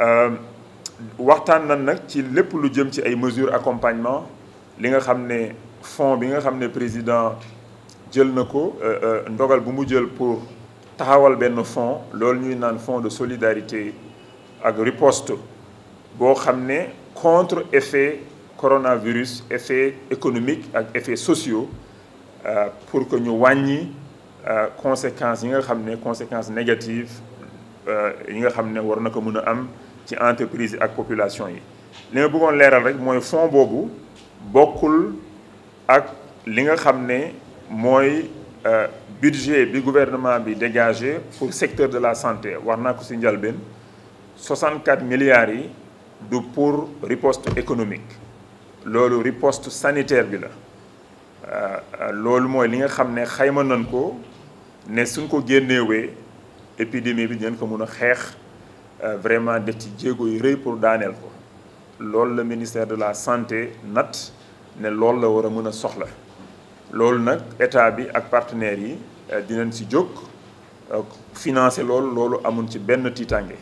Euh, waxtaan nan nag ci lépp lu jëm ci ay mesures accompagnement li nga xam ne fonds bi nga xam ne président jël na ko euh, euh, ndogal bu mu jël pour taxawal benn fonds loolu ñuy naan fonds de solidarité ak riposte boo xam ne contre effet coronavirus effet économique ak effet sociaux pour que ñu wàññi conséquences yi nga xam ne conséquences négatives yi nga xam ne war na ko mën a am ci entreprise ak population yi li ma bëggoon leeral rek mooy fonds boobu bokkul ak li nga xam ne mooy euh, budget bi gouvernement bi dégagé pour secteur de la santé war naa ko 64 milliards yi du pour riposte économique loolu riposte sanitaire bi la euh, loolu mooy li nga xam ne xayma nan ko ne suñ ko génnewee épidémie bi dinañ ko mun a euh, vraiment de ci jéego yu reuy pour daaneel ko lool le ministère de la santé nat ne lool la wara mëna soxla lool nak état bi ak partenaire yi euh, dinañ ci jóg euh, financer lool loolu amun ci ben tiitange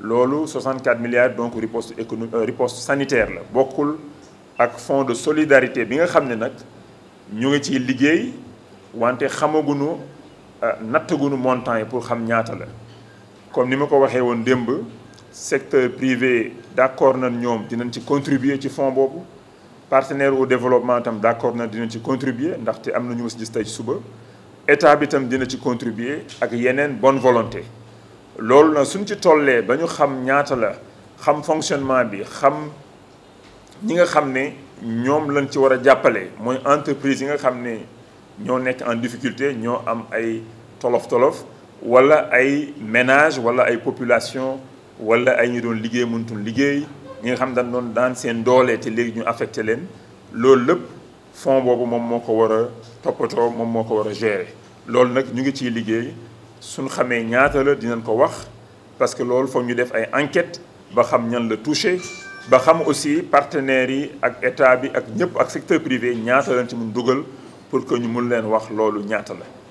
loolu 64 milliards donc riposte économique riposte sanitaire la bokul ak fonds de solidarité bi nga xamné nak ñu ngi ci liggéey wante xamagunu nattagunu montant pour xam ñaata la comme ni ma ko waxee woon démb secteur privé d'accord na ñoom dinañ ci contribuer ci fonds boobu partenaire au développement tam d'accord n'a dinañ ci contribuer ndaxte am na ñu mas gis tey suba état bi tam dina ci contribuer ak yeneen bonne volonté loolu nag suñ ci tollee ba ñu xam ñaata la xam fonctionnement bi xam ñi nga xam ne ñoom lañ ci war a jàppale mooy entreprise yi nga xam ne ñoo nekk en difficulté ñoo am ay tolof-tolof wala ay ménage wala ay population wala ay ñu doon liggéey mënutul liggéey ñi nga xam dañ doon daan seen doole te léegi ñu affecté leen loolu lépp fond boobu moom moo ko war a toppatoo moom moo ko war a gérer loolu nag ñu ngi ciy liggéey suñ xamee ñaata la dinañ ko wax parce que loolu foog ñu def ay enquête ba xam ñan la touché ba xam aussi partenaires yi ak état bi ak ñëpp ak secteur privé ñaata lañ ci mun dugal pour que ñu mun leen wax loolu ñaata la